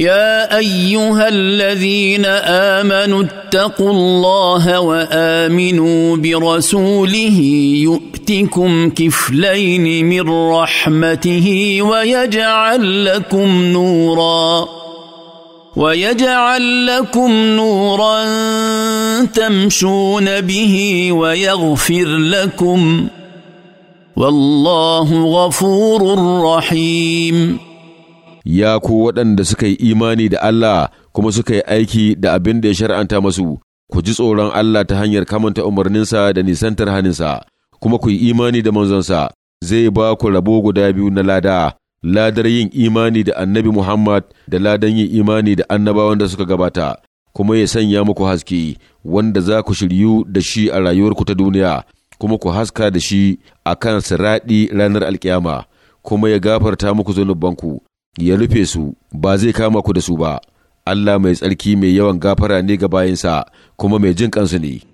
يا ايها الذين امنوا اتقوا الله وامنوا برسوله يؤتكم كفلين من رحمته ويجعل لكم نورا ويجعل لكم نورا تمشون به ويغفر لكم والله غفور رحيم ya ku waɗanda suka yi imani da Allah kuma suka yi aiki da abin da ya shar'anta masu, ku ji tsoron Allah ta hanyar kamanta umarninsa da nisantar haninsa, kuma ku yi imani da manzonsa, zai ba ku rabo guda biyu na lada, ladar yin imani da annabi Muhammad da ladan yin imani da annabawan da suka gabata, kuma ya sanya muku haske wanda za ku shiryu da shi a rayuwarku ta duniya, kuma ku haska da shi a kan siraɗi ranar alkiyama, kuma ya gafarta muku zunubanku. ya rufe su ba zai kama ku da su ba Allah mai tsarki mai yawan gafara ne ga bayansa kuma mai jin kansu ne